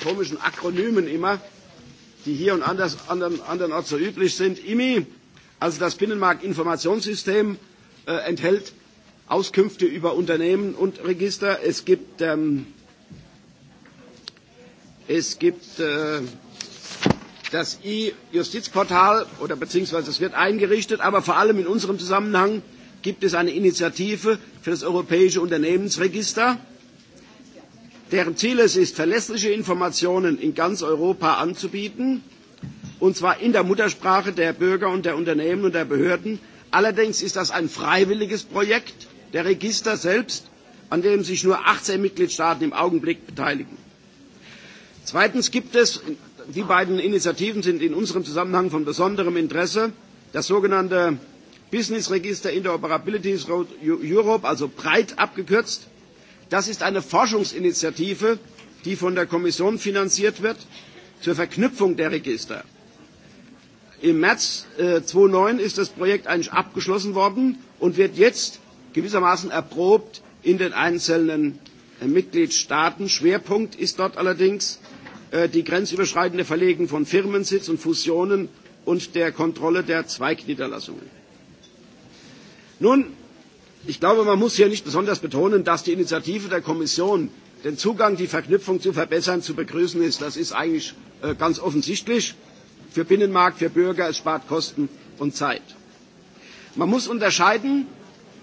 komischen Akronymen immer, die hier und anders, anderen, andernorts so üblich sind. IMI, also das Binnenmarktinformationssystem, äh, enthält Auskünfte über Unternehmen und Register. Es gibt, ähm, es gibt äh, das E-Justizportal oder beziehungsweise es wird eingerichtet, aber vor allem in unserem Zusammenhang gibt es eine Initiative für das Europäische Unternehmensregister deren Ziel es ist, verlässliche Informationen in ganz Europa anzubieten, und zwar in der Muttersprache der Bürger und der Unternehmen und der Behörden. Allerdings ist das ein freiwilliges Projekt der Register selbst, an dem sich nur achtzehn Mitgliedstaaten im Augenblick beteiligen. Zweitens gibt es, die beiden Initiativen sind in unserem Zusammenhang von besonderem Interesse, das sogenannte Business Register Interoperability Europe, also breit abgekürzt, Das ist eine Forschungsinitiative, die von der Kommission finanziert wird, zur Verknüpfung der Register. Im März 2009 ist das Projekt eigentlich abgeschlossen worden und wird jetzt gewissermaßen erprobt in den einzelnen Mitgliedstaaten. Schwerpunkt ist dort allerdings die grenzüberschreitende Verlegung von Firmensitz und Fusionen und der Kontrolle der Zweigniederlassungen. Nun ich glaube, man muss hier nicht besonders betonen, dass die Initiative der Kommission, den Zugang, die Verknüpfung zu verbessern, zu begrüßen ist. Das ist eigentlich ganz offensichtlich für Binnenmarkt, für Bürger. Es spart Kosten und Zeit. Man muss unterscheiden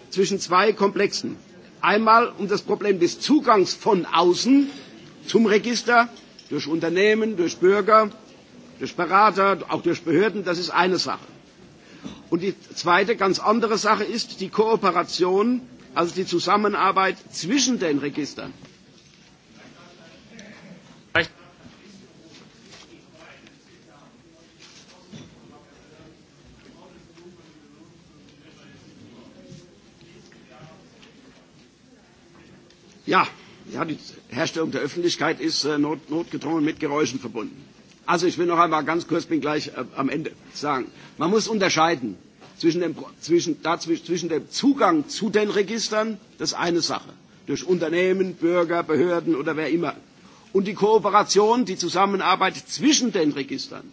zwischen zwei Komplexen. Einmal um das Problem des Zugangs von außen zum Register durch Unternehmen, durch Bürger, durch Berater, auch durch Behörden. Das ist eine Sache. Und die zweite ganz andere Sache ist die Kooperation, also die Zusammenarbeit zwischen den Registern. Ja, ja, die Herstellung der Öffentlichkeit ist äh, not, notgedrungen mit Geräuschen verbunden. Also ich will noch einmal ganz kurz, bin gleich äh, am Ende sagen, man muss unterscheiden zwischen dem, zwischen, zwischen dem Zugang zu den Registern, das ist eine Sache, durch Unternehmen, Bürger, Behörden oder wer immer, und die Kooperation, die Zusammenarbeit zwischen den Registern.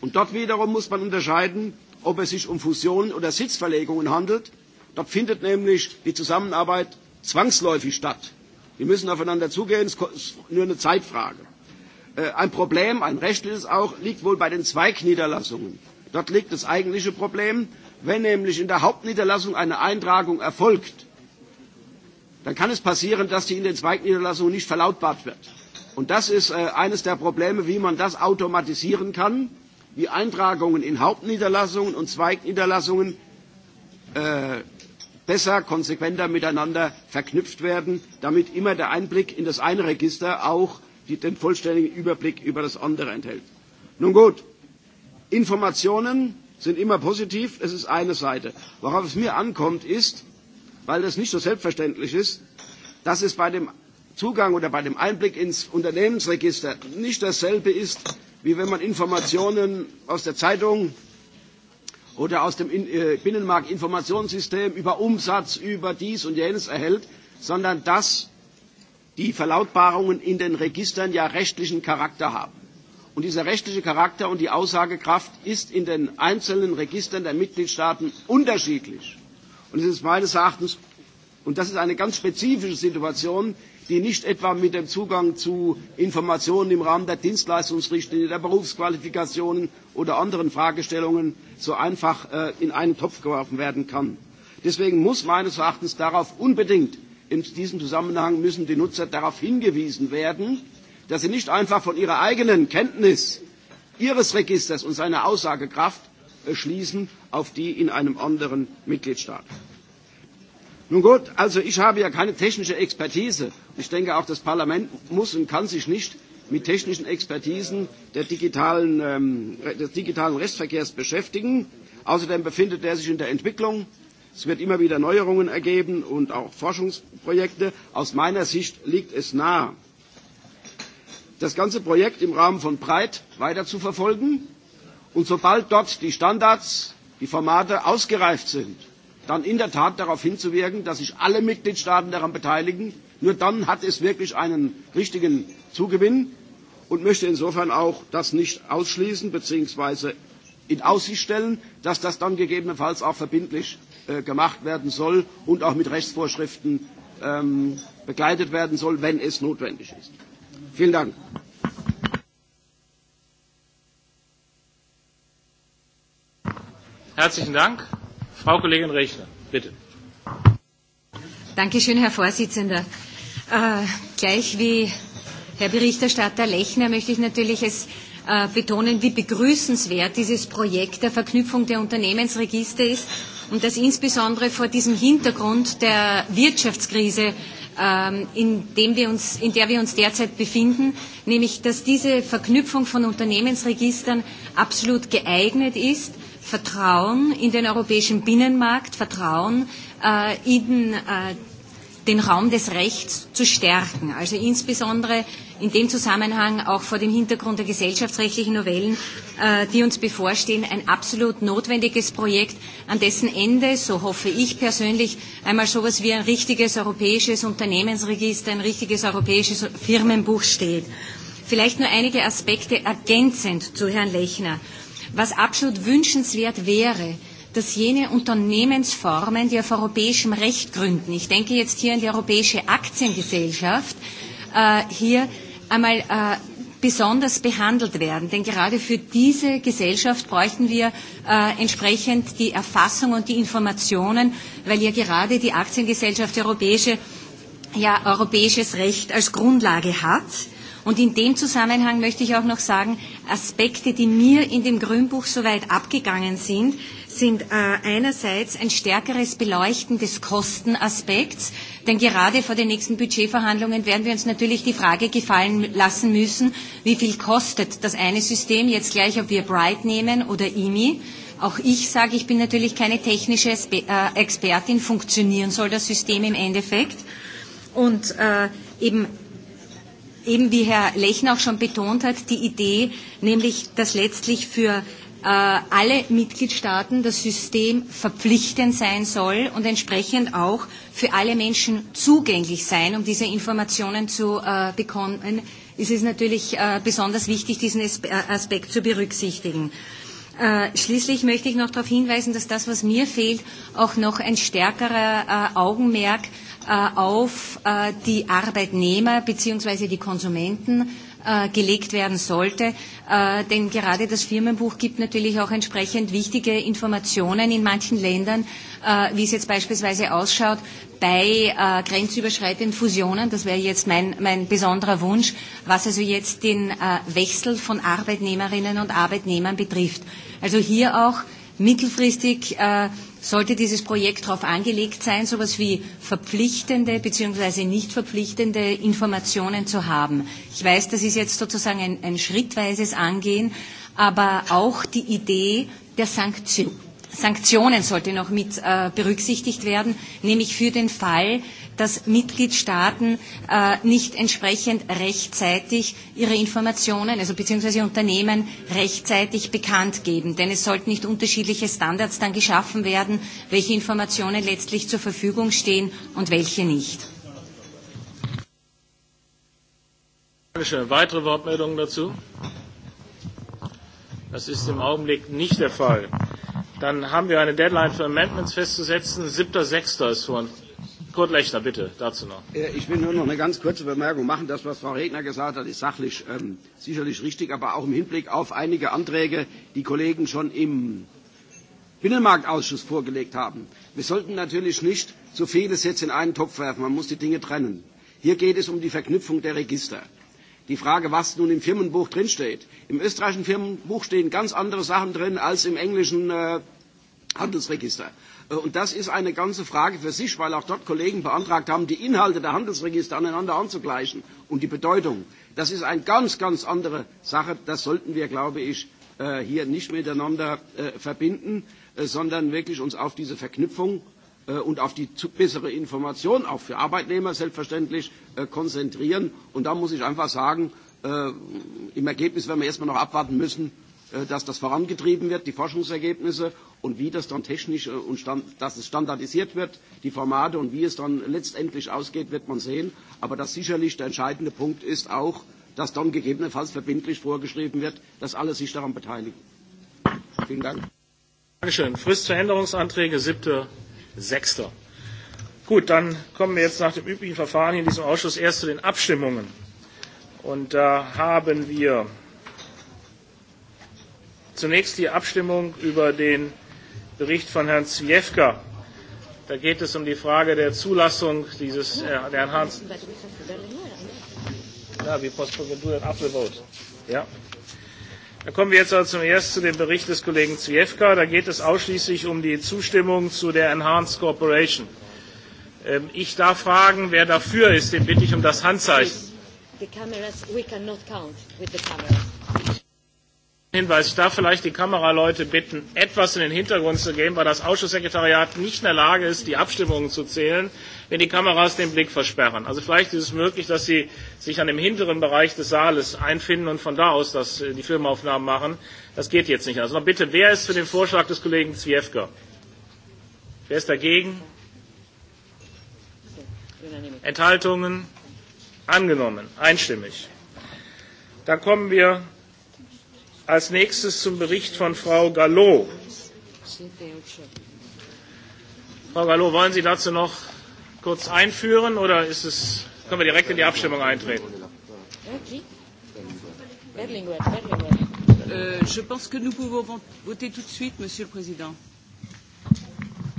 Und dort wiederum muss man unterscheiden, ob es sich um Fusionen oder Sitzverlegungen handelt. Dort findet nämlich die Zusammenarbeit zwangsläufig statt. Die müssen aufeinander zugehen, es ist nur eine Zeitfrage. Ein Problem, ein rechtliches auch, liegt wohl bei den Zweigniederlassungen. Dort liegt das eigentliche Problem, Wenn nämlich in der Hauptniederlassung eine Eintragung erfolgt, dann kann es passieren, dass die in den Zweigniederlassungen nicht verlautbart wird. Und das ist eines der Probleme, wie man das automatisieren kann, wie Eintragungen in Hauptniederlassungen und Zweigniederlassungen besser, konsequenter miteinander verknüpft werden, damit immer der Einblick in das eine Register auch den vollständigen Überblick über das andere enthält. Nun gut, Informationen sind immer positiv, es ist eine Seite. Worauf es mir ankommt, ist, weil das nicht so selbstverständlich ist, dass es bei dem Zugang oder bei dem Einblick ins Unternehmensregister nicht dasselbe ist, wie wenn man Informationen aus der Zeitung oder aus dem Binnenmarktinformationssystem über Umsatz, über dies und jenes erhält, sondern dass die Verlautbarungen in den Registern ja rechtlichen Charakter haben. Und dieser rechtliche Charakter und die Aussagekraft ist in den einzelnen Registern der Mitgliedstaaten unterschiedlich. Und es ist meines Erachtens, und das ist eine ganz spezifische Situation, die nicht etwa mit dem Zugang zu Informationen im Rahmen der Dienstleistungsrichtlinie, der Berufsqualifikationen oder anderen Fragestellungen so einfach in einen Topf geworfen werden kann. Deswegen muss meines Erachtens darauf unbedingt in diesem Zusammenhang müssen die Nutzer darauf hingewiesen werden, dass Sie nicht einfach von Ihrer eigenen Kenntnis Ihres Registers und seiner Aussagekraft schließen auf die in einem anderen Mitgliedstaat. Nun gut, also ich habe ja keine technische Expertise. Ich denke auch, das Parlament muss und kann sich nicht mit technischen Expertisen des digitalen Rechtsverkehrs beschäftigen. Außerdem befindet er sich in der Entwicklung. Es wird immer wieder Neuerungen ergeben und auch Forschungsprojekte. Aus meiner Sicht liegt es nahe, das ganze Projekt im Rahmen von Breit weiter zu verfolgen. Und sobald dort die Standards, die Formate ausgereift sind, dann in der Tat darauf hinzuwirken, dass sich alle Mitgliedstaaten daran beteiligen. Nur dann hat es wirklich einen richtigen Zugewinn und möchte insofern auch das nicht ausschließen bzw. in Aussicht stellen, dass das dann gegebenenfalls auch verbindlich gemacht werden soll und auch mit Rechtsvorschriften begleitet werden soll, wenn es notwendig ist. Vielen Dank. Herzlichen Dank. Frau Kollegin Rechner, bitte. Dankeschön, Herr Vorsitzender. Äh, gleich wie Herr Berichterstatter Lechner möchte ich natürlich es betonen, wie begrüßenswert dieses Projekt der Verknüpfung der Unternehmensregister ist und dass insbesondere vor diesem Hintergrund der Wirtschaftskrise in, dem wir uns, in der wir uns derzeit befinden, nämlich dass diese Verknüpfung von Unternehmensregistern absolut geeignet ist, Vertrauen in den europäischen Binnenmarkt, Vertrauen in den Raum des Rechts zu stärken. Also insbesondere in dem Zusammenhang auch vor dem Hintergrund der gesellschaftsrechtlichen Novellen, die uns bevorstehen, ein absolut notwendiges Projekt, an dessen Ende, so hoffe ich persönlich, einmal so etwas wie ein richtiges europäisches Unternehmensregister, ein richtiges europäisches Firmenbuch steht. Vielleicht nur einige Aspekte ergänzend zu Herrn Lechner. Was absolut wünschenswert wäre, dass jene Unternehmensformen, die auf europäischem Recht gründen, ich denke jetzt hier an die Europäische Aktiengesellschaft, hier einmal besonders behandelt werden. Denn gerade für diese Gesellschaft bräuchten wir äh, entsprechend die Erfassung und die Informationen, weil ja gerade die Aktiengesellschaft europäische, ja, europäisches Recht als Grundlage hat. Und in dem Zusammenhang möchte ich auch noch sagen, Aspekte, die mir in dem Grünbuch soweit abgegangen sind, sind äh, einerseits ein stärkeres Beleuchten des Kostenaspekts, Denn gerade vor den nächsten Budgetverhandlungen werden wir uns natürlich die Frage gefallen lassen müssen, wie viel kostet das eine System jetzt gleich, ob wir Bright nehmen oder IMI. Auch ich sage, ich bin natürlich keine technische Expertin, funktionieren soll das System im Endeffekt. Und äh, eben eben wie Herr Lechner auch schon betont hat, die Idee, nämlich dass letztlich für alle Mitgliedstaaten das System verpflichtend sein soll und entsprechend auch für alle Menschen zugänglich sein, um diese Informationen zu bekommen, ist es natürlich besonders wichtig, diesen Aspekt zu berücksichtigen. Schließlich möchte ich noch darauf hinweisen, dass das, was mir fehlt, auch noch ein stärkerer Augenmerk auf die Arbeitnehmer bzw. die Konsumenten gelegt werden sollte. Denn gerade das Firmenbuch gibt natürlich auch entsprechend wichtige Informationen in manchen Ländern, wie es jetzt beispielsweise ausschaut bei grenzüberschreitenden Fusionen. Das wäre jetzt mein, besonderer Wunsch, was also jetzt den Wechsel von Arbeitnehmerinnen und Arbeitnehmern betrifft. Also hier auch mittelfristig sollte dieses Projekt darauf angelegt sein, so etwas wie verpflichtende bzw. nicht verpflichtende Informationen zu haben. Ich weiß, das ist jetzt sozusagen ein, ein schrittweises Angehen, aber auch die Idee der Sanktion Sanktionen sollte noch mit äh, berücksichtigt werden, nämlich für den Fall, dass Mitgliedstaaten äh, nicht entsprechend rechtzeitig ihre Informationen, also beziehungsweise Unternehmen rechtzeitig bekannt geben. Denn es sollten nicht unterschiedliche Standards dann geschaffen werden, welche Informationen letztlich zur Verfügung stehen und welche nicht. Dankeschön. Weitere Wortmeldungen dazu? Das ist im Augenblick nicht der Fall. Dann haben wir eine Deadline für Amendments festzusetzen. 7.6. ist vor. Kurt Lechner, bitte, dazu noch. Ich will nur noch eine ganz kurze Bemerkung machen. Das, was Frau Regner gesagt hat, ist sachlich ähm, sicherlich richtig, aber auch im Hinblick auf einige Anträge, die Kollegen schon im Binnenmarktausschuss vorgelegt haben. Wir sollten natürlich nicht zu vieles jetzt in einen Topf werfen. Man muss die Dinge trennen. Hier geht es um die Verknüpfung der Register die Frage, was nun im Firmenbuch drinsteht. Im österreichischen Firmenbuch stehen ganz andere Sachen drin als im englischen Handelsregister. Und das ist eine ganze Frage für sich, weil auch dort Kollegen beantragt haben, die Inhalte der Handelsregister aneinander anzugleichen und die Bedeutung. Das ist eine ganz, ganz andere Sache. Das sollten wir, glaube ich, hier nicht miteinander verbinden, sondern wirklich uns auf diese Verknüpfung und auf die bessere Information, auch für Arbeitnehmer selbstverständlich, konzentrieren. Und da muss ich einfach sagen, im Ergebnis werden wir erstmal noch abwarten müssen, dass das vorangetrieben wird, die Forschungsergebnisse und wie das dann technisch und dass es standardisiert wird, die Formate und wie es dann letztendlich ausgeht, wird man sehen. Aber das sicherlich der entscheidende Punkt ist auch, dass dann gegebenenfalls verbindlich vorgeschrieben wird, dass alle sich daran beteiligen. Vielen Dank. Dankeschön. Frist für Änderungsanträge Sechster. Gut, dann kommen wir jetzt nach dem üblichen Verfahren in diesem Ausschuss erst zu den Abstimmungen. Und da haben wir zunächst die Abstimmung über den Bericht von Herrn Zwiefka. Da geht es um die Frage der Zulassung dieses äh, Herrn Hans. Ja, we postpone, Dann kommen wir jetzt also zum ersten zu dem Bericht des Kollegen Zwiefka. Da geht es ausschließlich um die Zustimmung zu der Enhanced Cooperation. Ich darf fragen, wer dafür ist, den bitte ich um das Handzeichen. The cameras, we cannot count with the cameras. Hinweis, ich darf vielleicht die Kameraleute bitten, etwas in den Hintergrund zu gehen, weil das Ausschusssekretariat nicht in der Lage ist, die Abstimmungen zu zählen, wenn die Kameras den Blick versperren. Also vielleicht ist es möglich, dass Sie sich an dem hinteren Bereich des Saales einfinden und von da aus das, die Filmaufnahmen machen. Das geht jetzt nicht. Also noch bitte, wer ist für den Vorschlag des Kollegen Zwiefka? Wer ist dagegen? Enthaltungen? Angenommen. Einstimmig. Dann kommen wir Als nächstes zum Bericht von Frau Gallo. Frau Gallo, wollen Sie dazu noch kurz einführen oder ist es, können wir direkt in die Abstimmung eintreten?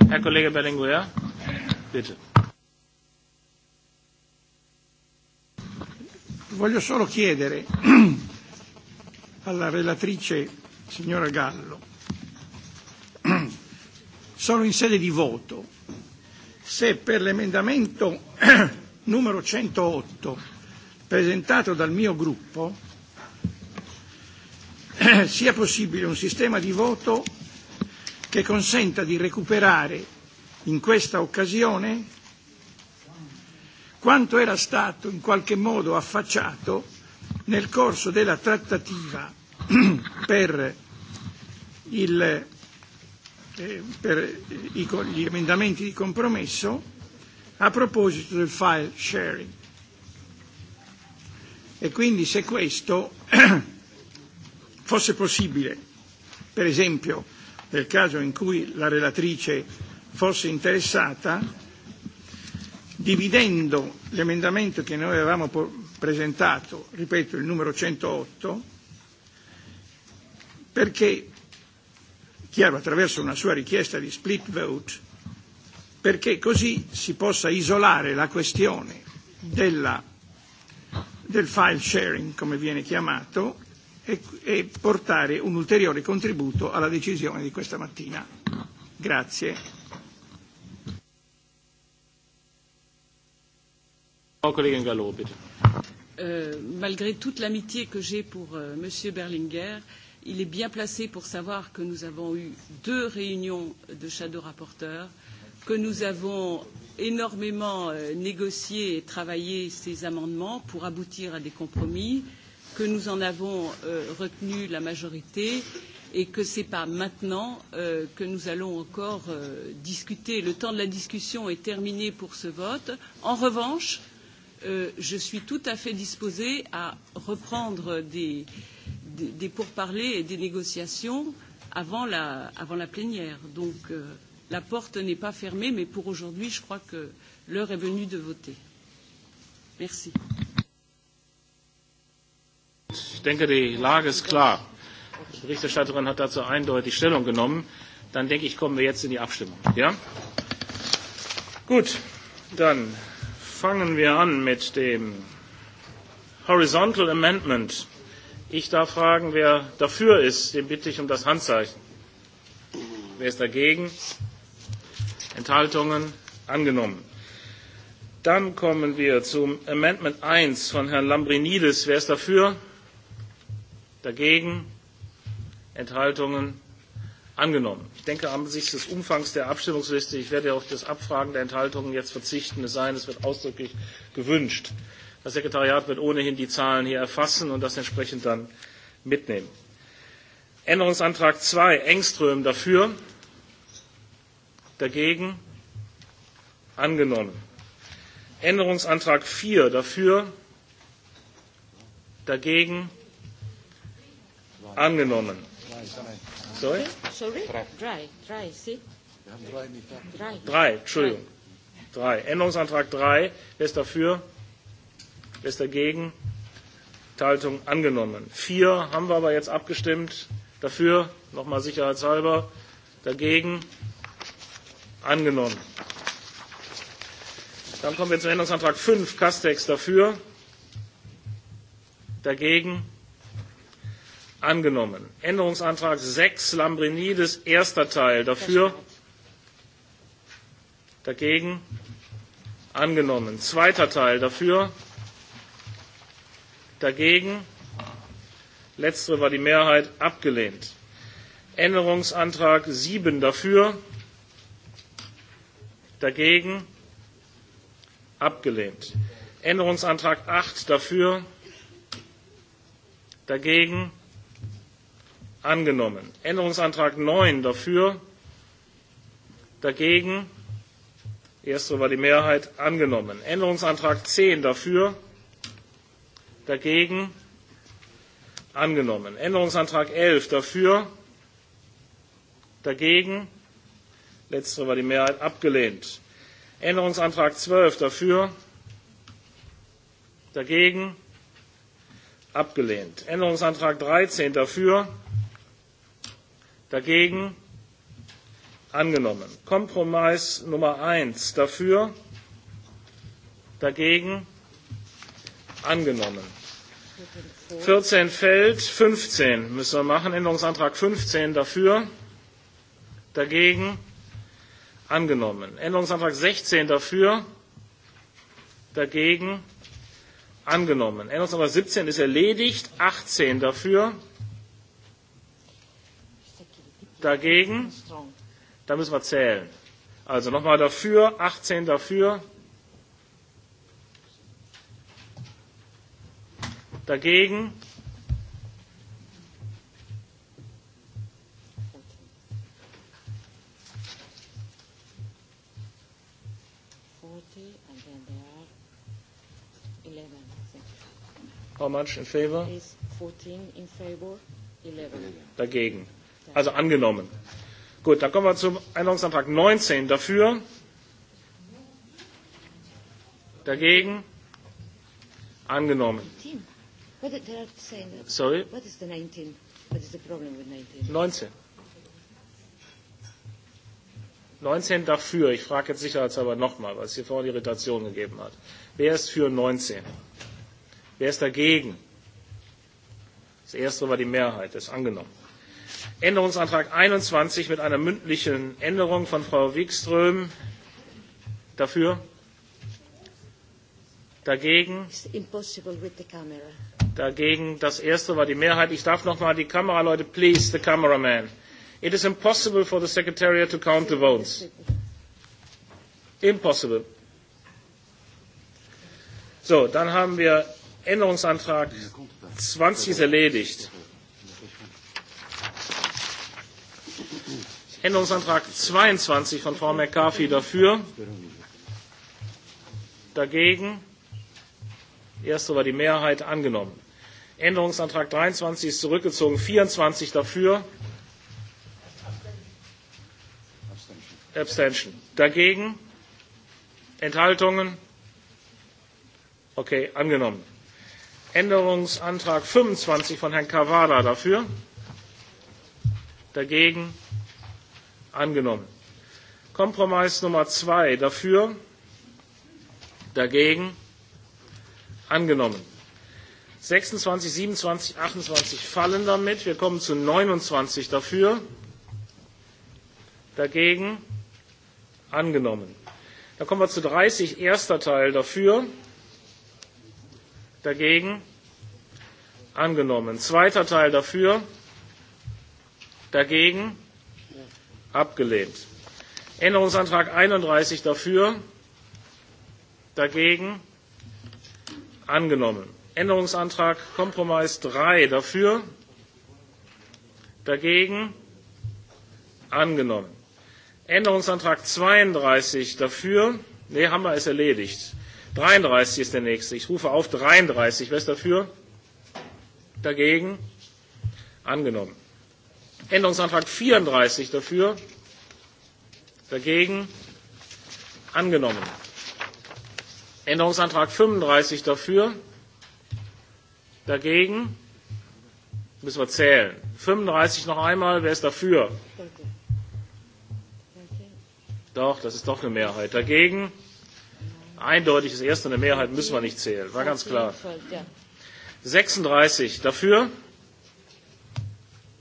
Herr Kollege Berlinguer, bitte. Voglio solo chiedere alla relatrice signora Gallo. Sono in sede di voto. Se per l'emendamento numero 108 presentato dal mio gruppo sia possibile un sistema di voto che consenta di recuperare in questa occasione quanto era stato in qualche modo affacciato nel corso della trattativa per, il, per i, gli emendamenti di compromesso a proposito del file sharing. E quindi se questo fosse possibile, per esempio nel caso in cui la relatrice fosse interessata, dividendo l'emendamento che noi avevamo presentato, ripeto, il numero 108, perché, chiaro, attraverso una sua richiesta di split vote, perché così si possa isolare la questione della, del file sharing, come viene chiamato, e, e portare un ulteriore contributo alla decisione di questa mattina. Grazie. Frau Kollegin malgré toute l'amitié que j'ai pour M. Berlinguer, il est bien placé pour savoir que nous avons eu deux réunions de shadow rapporteurs, que nous avons énormément négocié et travaillé ces amendements pour aboutir à des compromis, que nous en avons retenu la majorité et que ce n'est pas maintenant que nous allons encore discuter. Le temps de la discussion est terminé pour ce vote. En revanche, je suis tout à fait disposée à reprendre des, des, des pourparlers et des négociations avant la, avant la plénière. Donc euh, la porte n'est pas fermée, mais pour aujourd'hui, je crois que l'heure est venue de voter. Merci. Ich denke, die Lage ist klar. Die Berichterstatterin hat dazu eindeutig Stellung genommen. Dann denke ich, kommen wir jetzt in die Abstimmung. Ja? Gut, dann fangen wir an mit dem Horizontal Amendment. Ich darf fragen, wer dafür ist, den bitte ich um das Handzeichen. Wer ist dagegen? Enthaltungen? Angenommen. Dann kommen wir zum Amendment 1 von Herrn Lambrinidis. Wer ist dafür? Dagegen? Enthaltungen? angenommen. Ich denke, angesichts des Umfangs der Abstimmungsliste, ich werde auf das Abfragen der Enthaltungen jetzt verzichten, es sei denn, es wird ausdrücklich gewünscht. Das Sekretariat wird ohnehin die Zahlen hier erfassen und das entsprechend dann mitnehmen. Änderungsantrag 2, Engström dafür, dagegen, angenommen. Änderungsantrag 4 dafür, dagegen, angenommen. Sorry? Sorry? Drei. Drei, Sie? Wir haben drei Drei. Drei, Entschuldigung. Drei. Änderungsantrag 3. Wer ist dafür? Wer ist dagegen? Enthaltung angenommen. Vier haben wir aber jetzt abgestimmt. Dafür, nochmal sicherheitshalber. Dagegen angenommen. Dann kommen wir zum Änderungsantrag 5, Castex dafür. Dagegen angenommen. Änderungsantrag sechs Lambrinidis, erster Teil. Dafür? Dagegen? Angenommen. Zweiter Teil. Dafür? Dagegen? Letztere war die Mehrheit abgelehnt. Änderungsantrag sieben Dafür? Dagegen? Abgelehnt. Änderungsantrag acht Dafür? Dagegen? angenommen. Änderungsantrag 9 dafür, dagegen, erstere war die Mehrheit angenommen. Änderungsantrag 10 dafür, dagegen, angenommen. Änderungsantrag 11 dafür, dagegen, letztere war die Mehrheit abgelehnt. Änderungsantrag 12 dafür, dagegen, abgelehnt. Änderungsantrag 13 dafür, Dagegen angenommen. Kompromiss Nummer eins dafür, dagegen angenommen. 14 fällt, 15 müssen wir machen. Änderungsantrag 15 dafür, dagegen angenommen. Änderungsantrag 16 dafür, dagegen angenommen. Änderungsantrag 17 ist erledigt, 18 dafür, dagegen. Da müssen wir zählen. Also nochmal dafür, 18 dafür, dagegen. How much in favor? 14 in favor, 11. Dagegen. Also angenommen. Gut, dann kommen wir zum Änderungsantrag 19. Dafür? Dagegen? Angenommen. Sorry? What is the 19? What is the problem with 19? 19. 19 dafür. Ich frage jetzt sicherheitshalber nochmal, weil es hier vorhin Irritation gegeben hat. Wer ist für 19? Wer ist dagegen? Das erste war die Mehrheit. Das ist angenommen. Änderungsantrag 21 mit einer mündlichen Änderung von Frau Wikström. Dafür? Dagegen? Dagegen. Das erste war die Mehrheit. Ich darf nochmal die Kameraleute, please, the cameraman. It is impossible for the secretariat to count the votes. Impossible. So, dann haben wir Änderungsantrag 20 ist erledigt. Änderungsantrag 22 von Frau McCarthy dafür. Dagegen. Erste war die Mehrheit angenommen. Änderungsantrag 23 ist zurückgezogen. 24 dafür. Abstention. Dagegen. Enthaltungen. Okay, angenommen. Änderungsantrag 25 von Herrn Cavada dafür. Dagegen angenommen. Kompromiss Nummer zwei dafür, dagegen angenommen. 26, 27, 28 fallen damit. Wir kommen zu 29 dafür, dagegen angenommen. Dann kommen wir zu 30, erster Teil dafür, dagegen angenommen. Zweiter Teil dafür, dagegen angenommen abgelehnt. Änderungsantrag 31 dafür, dagegen angenommen. Änderungsantrag Kompromiss 3 dafür, dagegen angenommen. Änderungsantrag 32 dafür, nee, haben wir es erledigt. 33 ist der nächste. Ich rufe auf 33. Wer ist dafür? Dagegen? Angenommen. Änderungsantrag 34 dafür, dagegen angenommen. Änderungsantrag 35 dafür, dagegen müssen wir zählen. 35 noch einmal, wer ist dafür? Doch, das ist doch eine Mehrheit. Dagegen eindeutig das erste eine Mehrheit müssen wir nicht zählen, war ganz klar. 36 dafür,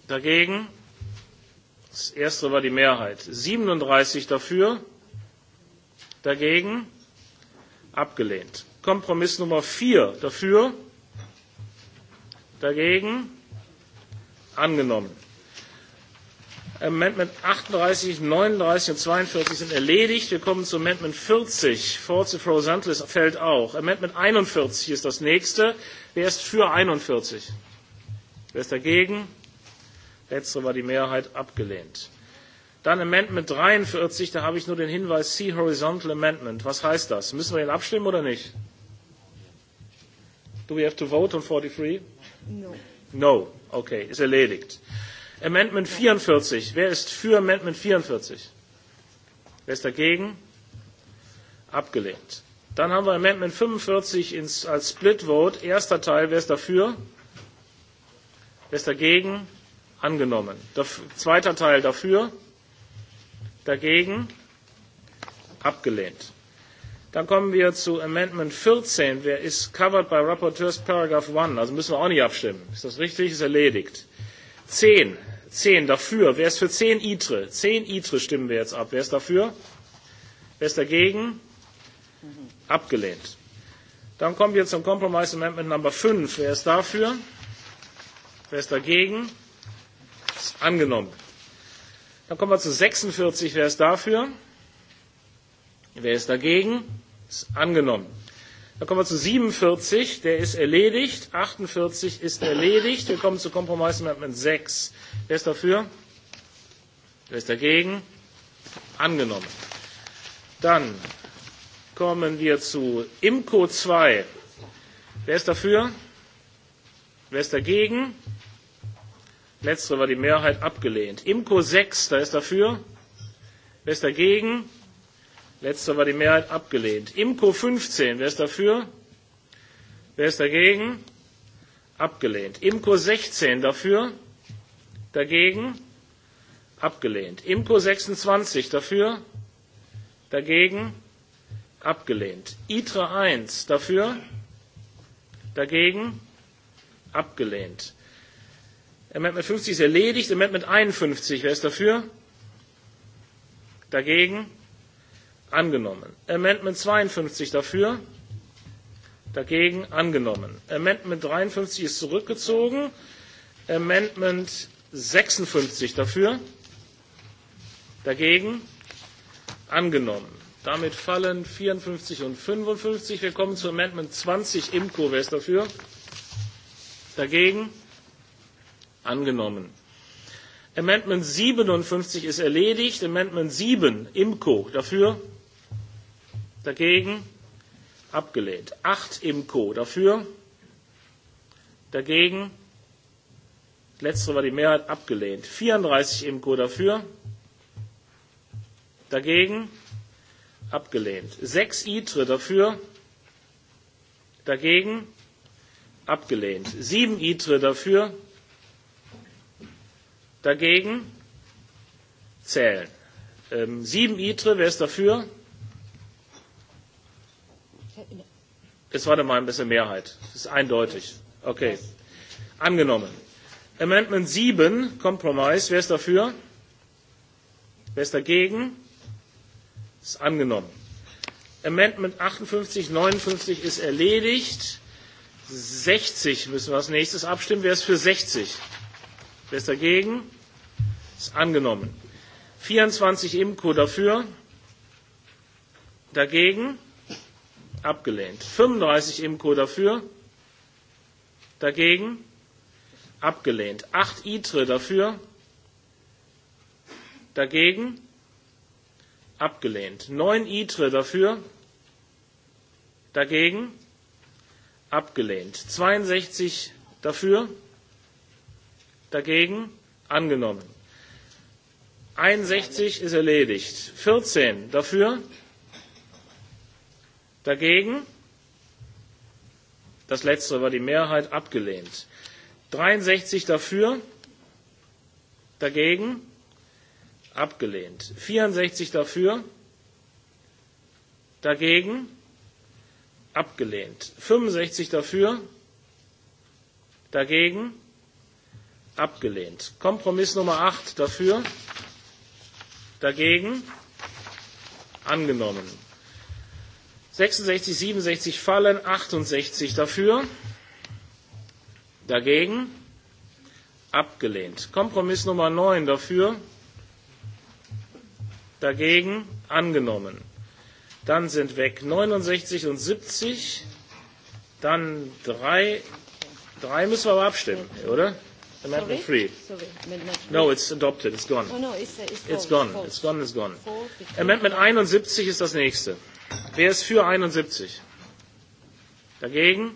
dagegen Das erste war die Mehrheit. 37 dafür, dagegen, abgelehnt. Kompromiss Nummer 4 dafür, dagegen, angenommen. Amendment 38, 39 und 42 sind erledigt. Wir kommen zu Amendment 40. Forza Frosantis fällt auch. Amendment 41 ist das nächste. Wer ist für 41? Wer ist dagegen? Letztere war die Mehrheit abgelehnt. Dann Amendment 43, da habe ich nur den Hinweis See Horizontal Amendment. Was heißt das? Müssen wir ihn abstimmen oder nicht? Do we have to vote on 43? No. No. Okay, ist erledigt. Amendment 44. Wer ist für Amendment 44? Wer ist dagegen? Abgelehnt. Dann haben wir Amendment 45 ins, als Split Vote. Erster Teil. Wer ist dafür? Wer ist dagegen? angenommen. zweiter Teil dafür, dagegen abgelehnt. Dann kommen wir zu Amendment 14. Wer ist covered by Rapporteurs Paragraph 1? Also müssen wir auch nicht abstimmen. Ist das richtig? Ist erledigt. 10. 10 dafür. Wer ist für 10 ITRE? 10 ITRE stimmen wir jetzt ab. Wer ist dafür? Wer ist dagegen? Abgelehnt. Dann kommen wir zum Compromise Amendment Number 5. Wer ist dafür? Wer ist dagegen? Ist angenommen. Dann kommen wir zu 46. Wer ist dafür? Wer ist dagegen? Ist angenommen. Dann kommen wir zu 47. Der ist erledigt. 48 ist erledigt. Wir kommen zu Kompromiss Amendment 6. Wer ist dafür? Wer ist dagegen? Angenommen. Dann kommen wir zu IMCO 2. Wer ist dafür? Wer ist dagegen? Letztere war die Mehrheit abgelehnt. Imco 6, da ist dafür. Wer ist dagegen? Letztere war die Mehrheit abgelehnt. Imco 15, wer ist dafür? Wer ist dagegen? Abgelehnt. Imco 16 dafür? Dagegen? Abgelehnt. Imco 26 dafür? Dagegen? Abgelehnt. ITRE 1 dafür? Dagegen? Abgelehnt. Amendment 50 ist erledigt. Amendment 51, wer ist dafür? Dagegen? Angenommen. Amendment 52 dafür? Dagegen? Angenommen. Amendment 53 ist zurückgezogen. Amendment 56 dafür? Dagegen? Angenommen. Damit fallen 54 und 55. Wir kommen zu Amendment 20 Imco. Wer ist dafür? Dagegen? angenommen. Amendment 57 ist erledigt. Amendment 7, Imco, dafür, dagegen, abgelehnt. 8 Imco, dafür, dagegen, letztere war die Mehrheit abgelehnt. 34 Imco dafür, dagegen, abgelehnt. 6 ITRE dafür, dagegen, abgelehnt. 7 ITRE dafür, dagegen, Dagegen? Zählen. Ähm, ITRE, wer ist dafür? Es war da mal ein bisschen Mehrheit. Das ist eindeutig. Okay. Angenommen. Amendment 7, Compromise, wer ist dafür? Wer ist dagegen? Ist angenommen. Amendment 58, 59 ist erledigt. 60 müssen wir als nächstes abstimmen. Wer ist für 60? Wer ist dagegen? Ist angenommen. 24 Imco dafür. Dagegen? Abgelehnt. 35 Imco dafür. Dagegen? Abgelehnt. 8 Itre dafür. Dagegen? Abgelehnt. 9 Itre dafür. Dagegen? Abgelehnt. 62 dafür. Dagegen? Angenommen. 61 ist erledigt. 14 dafür? Dagegen? Das letztere war die Mehrheit abgelehnt. 63 dafür? Dagegen? Abgelehnt. 64 dafür? Dagegen? Abgelehnt. 65 dafür? Dagegen? abgelehnt. Kompromiss Nummer acht dafür, dagegen angenommen. 66, 67 fallen, 68 dafür, dagegen abgelehnt. Kompromiss Nummer neun dafür, dagegen angenommen. Dann sind weg 69 und 70, dann drei, drei müssen wir aber abstimmen, oder? Amendment Sorry? 3. Sorry, three. No, it's adopted. It's gone. Oh, no, it's, it's, it's gone. It's gone. It's gone. Amendment 71 ist das nächste. Wer ist für 71? Dagegen?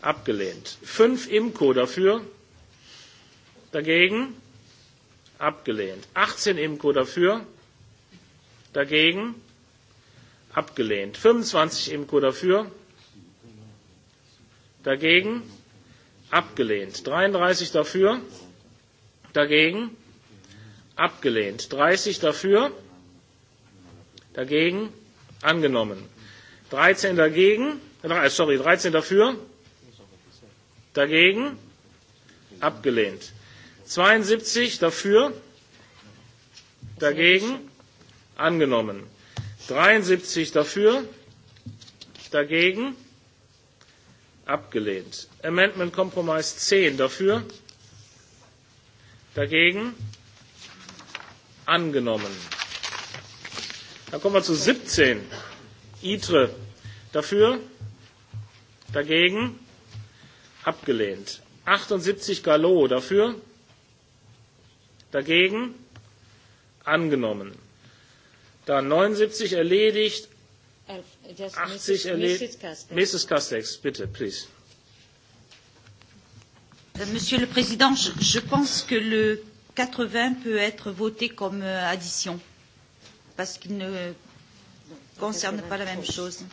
Abgelehnt. Fünf Imco dafür? Dagegen? Abgelehnt. 18 Imco dafür? Dagegen? Abgelehnt. 25 Imco dafür? Dagegen? abgelehnt. 33 dafür, dagegen, abgelehnt. 30 dafür, dagegen, angenommen. 13 dagegen, sorry, 13 dafür, dagegen, abgelehnt. 72 dafür, dagegen, angenommen. 73 dafür, dagegen, Abgelehnt. Amendment Compromise 10 dafür. Dagegen. Angenommen. Dann kommen wir zu 17. ITRE dafür. Dagegen. Abgelehnt. 78 Gallo dafür. Dagegen. Angenommen. Dann 79 erledigt. 80 Mrs. Castex, bitte, please. Monsieur le Président, je, je pense que le 80 peut être voté comme addition parce qu'il ne concerne pas la même chose.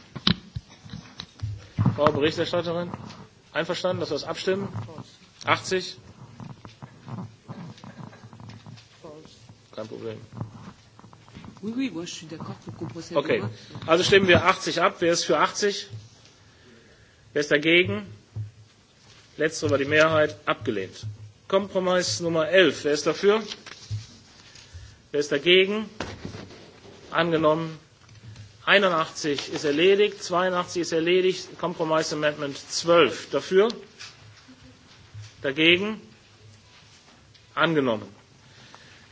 Frau Berichterstatterin, einverstanden, dass wir das abstimmen? 80? Kein Problem. Okay, also stimmen wir 80 ab. Wer ist für 80? Wer ist dagegen? Letztere war die Mehrheit abgelehnt. Kompromiss Nummer 11. Wer ist dafür? Wer ist dagegen? Angenommen. 81 ist erledigt, 82 ist erledigt, Kompromiss Amendment 12. Dafür? Dagegen? Angenommen.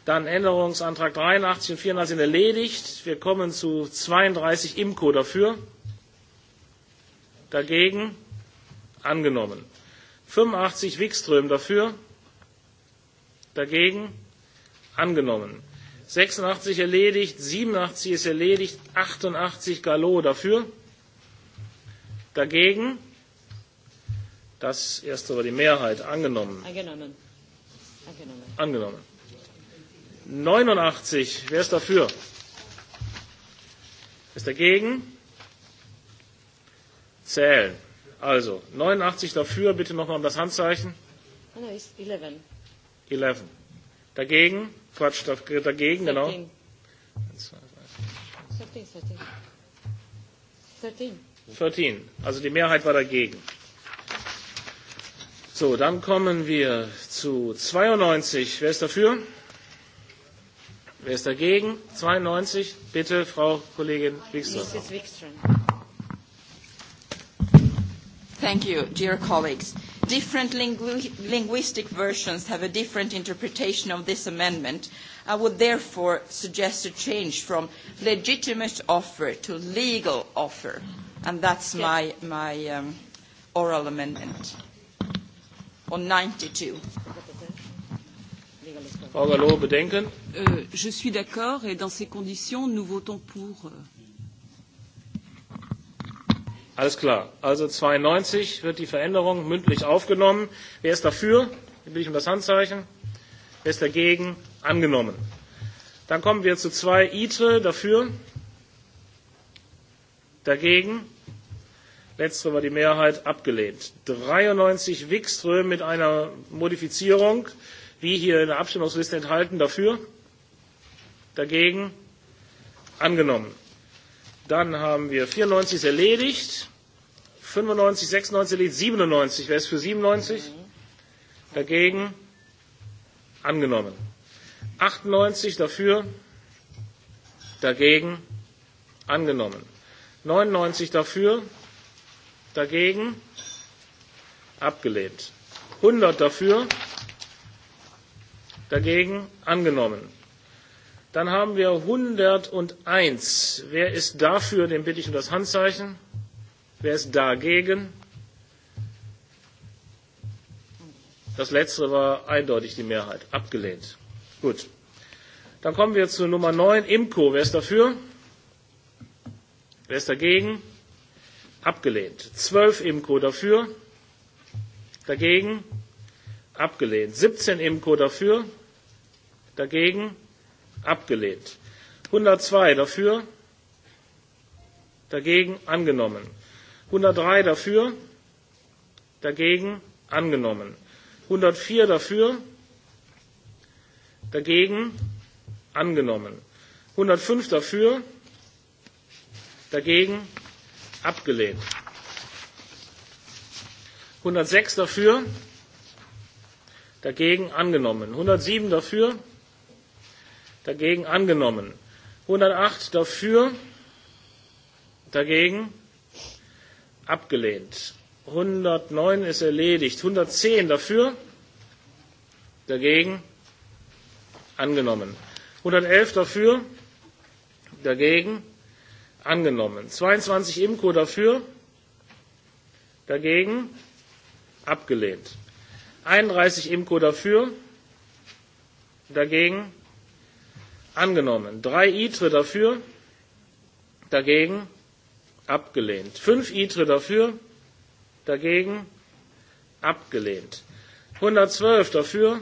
Dann Änderungsantrag 83 und 84 sind erledigt. Wir kommen zu 32 Imco dafür. Dagegen angenommen. 85 Wikström dafür. Dagegen angenommen. 86 erledigt, 87 ist erledigt, 88 Gallo dafür. Dagegen. Das erste war die Mehrheit. Angenommen. Angenommen. Angenommen. angenommen. 89. Wer ist dafür? Ist dagegen? Zählen. Also, 89 dafür, bitte noch mal um das Handzeichen. Oh, no, ist 11. 11. Dagegen? Quatsch, dagegen, 13, genau. 13. 13. Also die Mehrheit war dagegen. So, dann kommen wir zu 92. Wer ist dafür? Wer ist dagegen? 92. Bitte, Frau Kollegin Wikström. Mrs. Wikström. Thank you, dear colleagues. Different linguistic versions have a different interpretation of this amendment. I would therefore suggest a change from legitimate offer to legal offer. And that's my, my um, oral amendment on 92. Frau Gallo, Bedenken? Je suis d'accord et dans ces conditions, nous votons pour. Alles klar. Also 92 wird die Veränderung mündlich aufgenommen. Wer ist dafür? Hier bitte ich um das Handzeichen. Wer ist dagegen? Angenommen. Dann kommen wir zu 2 ITRE. Dafür? Dagegen? Letztere war die Mehrheit abgelehnt. 93 Wikström mit einer Modifizierung wie hier in der Abstimmungsliste enthalten. Dafür? Dagegen? Angenommen. Dann haben wir 94 ist erledigt. 95, 96 erledigt. 97. Wer ist für 97? Dagegen? Angenommen. 98 dafür? Dagegen? Angenommen. 99 dafür? Dagegen? Abgelehnt. 100 dafür? Dagegen angenommen. Dann haben wir 101. Wer ist dafür? Den bitte ich um das Handzeichen. Wer ist dagegen? Das letztere war eindeutig die Mehrheit. Abgelehnt. Gut. Dann kommen wir zu Nummer 9. Imco. Wer ist dafür? Wer ist dagegen? Abgelehnt. 12 Imco dafür. Dagegen? abgelehnt. 17 Imco dafür, dagegen, abgelehnt. 102 dafür, dagegen, angenommen. 103 dafür, dagegen, angenommen. 104 dafür, dagegen, angenommen. 105 dafür, dagegen, abgelehnt. 106 dafür, dagegen angenommen. 107 dafür, dagegen angenommen. 108 dafür, dagegen abgelehnt. 109 ist erledigt. 110 dafür, dagegen angenommen. 111 dafür, dagegen angenommen. 22 Imko dafür, dagegen abgelehnt einunddreißig Imco dafür, dagegen angenommen. Drei ITRE dafür, dagegen abgelehnt. Fünf ITRE dafür, dagegen abgelehnt. 112 dafür,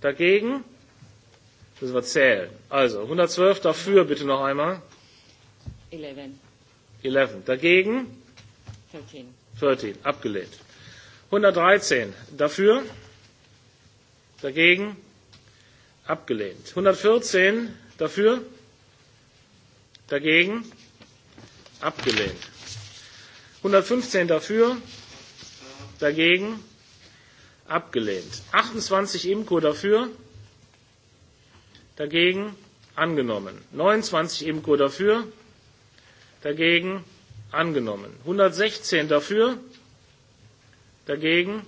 dagegen müssen wir zählen. Also 112 dafür bitte noch einmal. 11. 11 dagegen 13. abgelehnt. 113 dafür, dagegen abgelehnt. 114 dafür, dagegen abgelehnt. 115 dafür, dagegen abgelehnt. 28 Imko dafür, dagegen angenommen. 29 Imko dafür, dagegen angenommen. 116 dafür, Dagegen?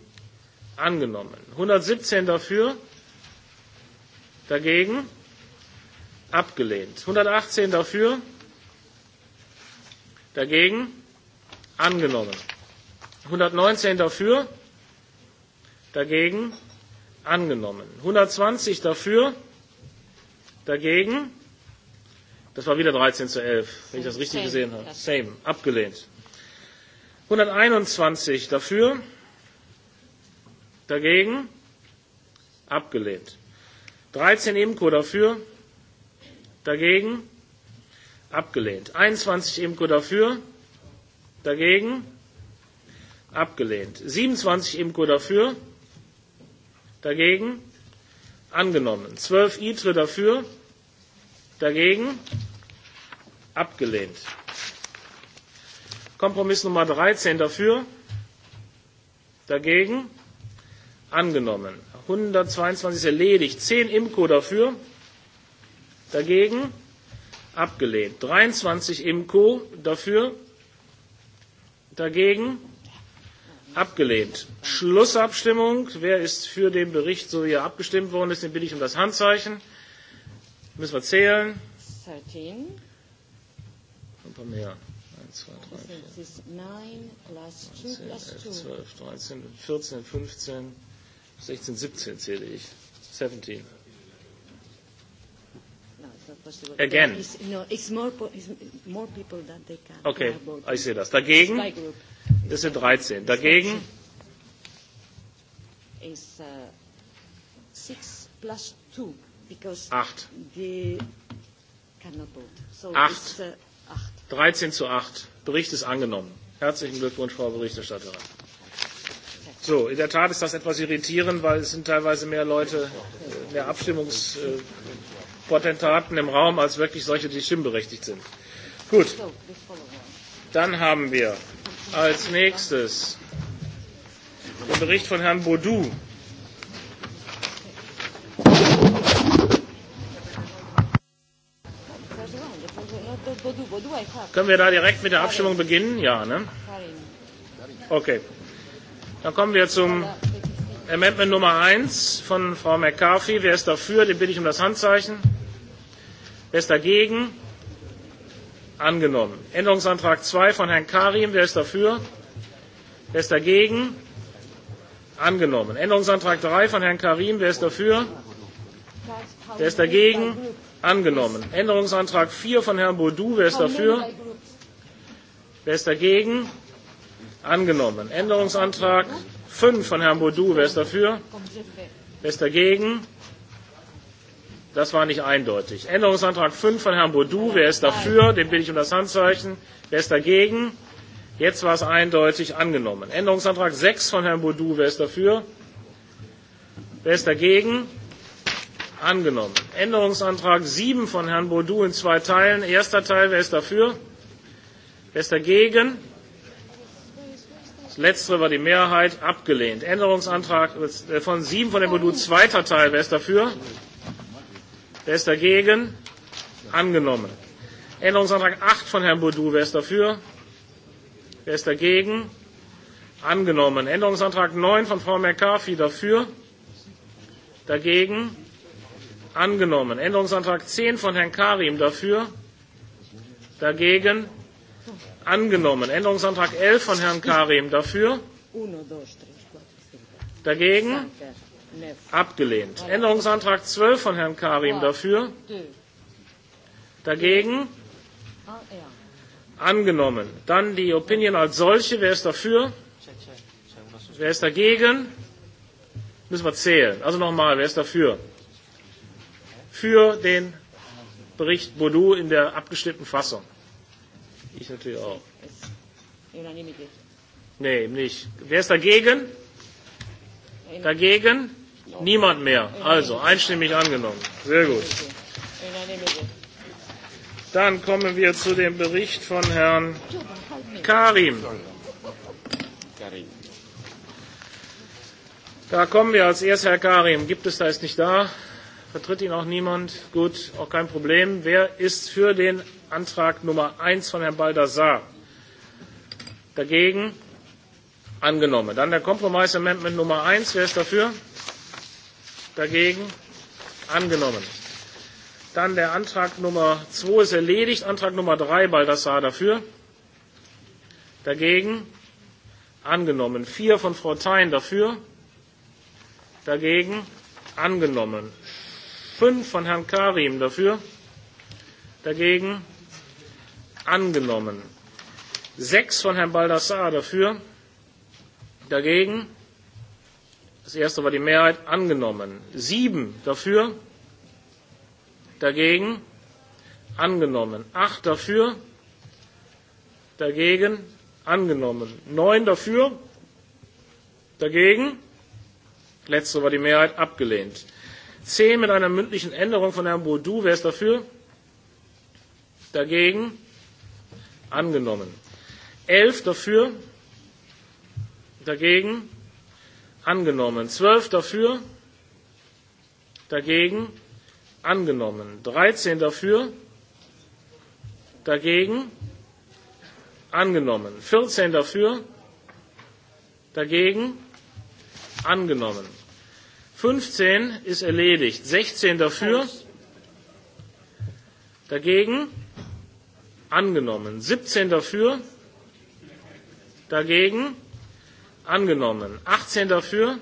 Angenommen. 117 dafür? Dagegen? Abgelehnt. 118 dafür? Dagegen? Angenommen. 119 dafür? Dagegen? Angenommen. 120 dafür? Dagegen? Das war wieder 13 zu 11, wenn ich das richtig gesehen habe. Same. Abgelehnt. 121 dafür? Dagegen? Abgelehnt. 13 Imko dafür. Dagegen? Abgelehnt. 21 Imko dafür. Dagegen? Abgelehnt. 27 Imko dafür. Dagegen? Angenommen. 12 ITRE dafür. Dagegen? Abgelehnt. Kompromiss Nummer 13 dafür. Dagegen? angenommen. 122 ist erledigt. 10 Imco dafür, dagegen, abgelehnt. 23 Imco dafür, dagegen, abgelehnt. Schlussabstimmung. Wer ist für den Bericht, so wie er abgestimmt worden ist, den bitte ich um das Handzeichen. Müssen wir zählen. 13. Ein paar mehr. 1, 2, 3, 4, 9, plus 2, plus 2. 12, 13, 14, 15, 16, 17 zähle ich. 17. Again. Okay, ich sehe das. Dagegen? Das sind 13. Dagegen? Is, uh, 6 plus 2, because 8. They cannot vote. So 8. It's, uh, 8. 13 zu 8. Bericht ist angenommen. Herzlichen Glückwunsch, Frau Berichterstatterin. So, in der Tat ist das etwas irritierend, weil es sind teilweise mehr Leute, mehr Abstimmungspotentaten im Raum als wirklich solche, die stimmberechtigt sind. Gut. Dann haben wir als nächstes den Bericht von Herrn Baudou. Können wir da direkt mit der Abstimmung beginnen? Ja, ne? Okay. Dann kommen wir zum Amendment Nummer 1 von Frau McCarthy. Wer ist dafür? Den bitte ich um das Handzeichen. Wer ist dagegen? Angenommen. Änderungsantrag 2 von Herrn Karim. Wer ist dafür? Wer ist dagegen? Angenommen. Änderungsantrag 3 von Herrn Karim. Wer ist dafür? Wer ist dagegen? Angenommen. Änderungsantrag 4 von Herrn Baudou. Wer ist dafür? Wer ist dagegen? Angenommen. Änderungsantrag 5 von Herrn Baudou. Wer ist dafür? Wer ist dagegen? Das war nicht eindeutig. Änderungsantrag 5 von Herrn Baudou. Wer ist dafür? Den bitte ich um das Handzeichen. Wer ist dagegen? Jetzt war es eindeutig angenommen. Änderungsantrag 6 von Herrn Baudou. Wer ist dafür? Wer ist dagegen? Angenommen. Änderungsantrag 7 von Herrn Baudou in zwei Teilen. Erster Teil. Wer ist dafür? Wer ist dagegen? Das letztere war die Mehrheit abgelehnt. Änderungsantrag von sieben von der Modul zweiter Teil. Wer ist dafür? Wer ist dagegen? Angenommen. Änderungsantrag 8 von Herrn Boudou. Wer ist dafür? Wer ist dagegen? Angenommen. Änderungsantrag 9 von Frau McCarthy. Dafür? Dagegen? Angenommen. Änderungsantrag 10 von Herrn Karim. Dafür? Dagegen? angenommen. Änderungsantrag 11 von Herrn Karim dafür. Dagegen? Abgelehnt. Änderungsantrag 12 von Herrn Karim dafür. Dagegen? Angenommen. Dann die Opinion als solche. Wer ist dafür? Wer ist dagegen? Müssen wir zählen. Also nochmal, wer ist dafür? Für den Bericht Boudou in der abgestimmten Fassung. Ich natürlich auch. Nee, nicht. Wer ist dagegen? Dagegen? Niemand mehr. Also, einstimmig angenommen. Sehr gut. Dann kommen wir zu dem Bericht von Herrn Karim. Da kommen wir als erstes, Herr Karim. Gibt es da ist nicht da? Vertritt ihn auch niemand? Gut, auch kein Problem. Wer ist für den Antrag Nummer eins von Herrn Baldassar. Dagegen? Angenommen. Dann der Kompromiss Amendment Nummer eins. Wer ist dafür? Dagegen? Angenommen. Dann der Antrag Nummer zwei ist erledigt. Antrag Nummer drei Baldassar dafür. Dagegen? Angenommen. Vier von Frau Thein dafür. Dagegen? Angenommen. Fünf von Herrn Karim dafür. Dagegen? angenommen. Sechs von Herrn Baldassar dafür, dagegen. Das erste war die Mehrheit angenommen. Sieben dafür, dagegen angenommen. Acht dafür, dagegen angenommen. Neun dafür, dagegen. Letzte war die Mehrheit abgelehnt. Zehn mit einer mündlichen Änderung von Herrn Baudou. Wer ist dafür? Dagegen angenommen. Elf dafür, dagegen, angenommen. Zwölf dafür, dagegen, angenommen. Dreizehn dafür, dagegen, angenommen. Vierzehn dafür, dagegen, angenommen. Fünfzehn ist erledigt. Sechzehn dafür, dagegen, angenommen. 17 dafür, dagegen, angenommen. 18 dafür,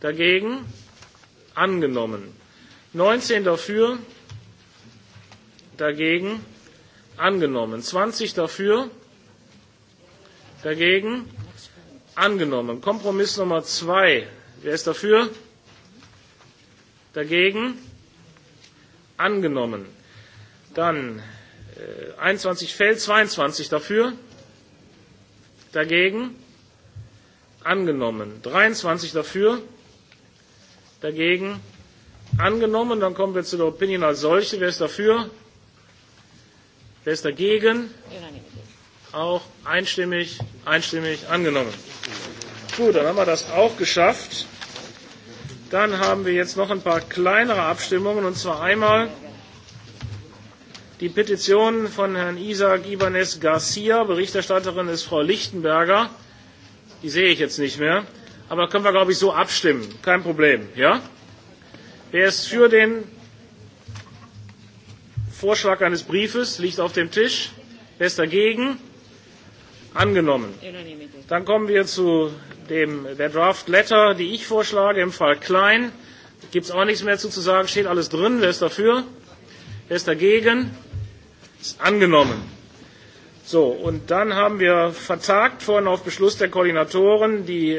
dagegen, angenommen. 19 dafür, dagegen, angenommen. 20 dafür, dagegen, angenommen. Kompromiss Nummer 2. Wer ist dafür? Dagegen? Angenommen. Dann einundzwanzig fällt, zweiundzwanzig dafür, dagegen, angenommen. Dreiundzwanzig dafür, dagegen, angenommen. Dann kommen wir zu der Opinion als solche. Wer ist dafür? Wer ist dagegen? Auch einstimmig, einstimmig angenommen. Gut, dann haben wir das auch geschafft. Dann haben wir jetzt noch ein paar kleinere Abstimmungen, und zwar einmal Die Petition von Herrn Isaac Ibanez Garcia, Berichterstatterin ist Frau Lichtenberger. Die sehe ich jetzt nicht mehr. Aber können wir, glaube ich, so abstimmen. Kein Problem. Ja? Wer ist für den Vorschlag eines Briefes? Liegt auf dem Tisch. Wer ist dagegen? Angenommen. Dann kommen wir zu dem, der Draft Letter, die ich vorschlage, im Fall Klein. Gibt es auch nichts mehr zu sagen. Steht alles drin. Wer ist dafür? Wer ist dagegen? Ist angenommen. So, und dann haben wir vertagt vorhin auf Beschluss der Koordinatoren die,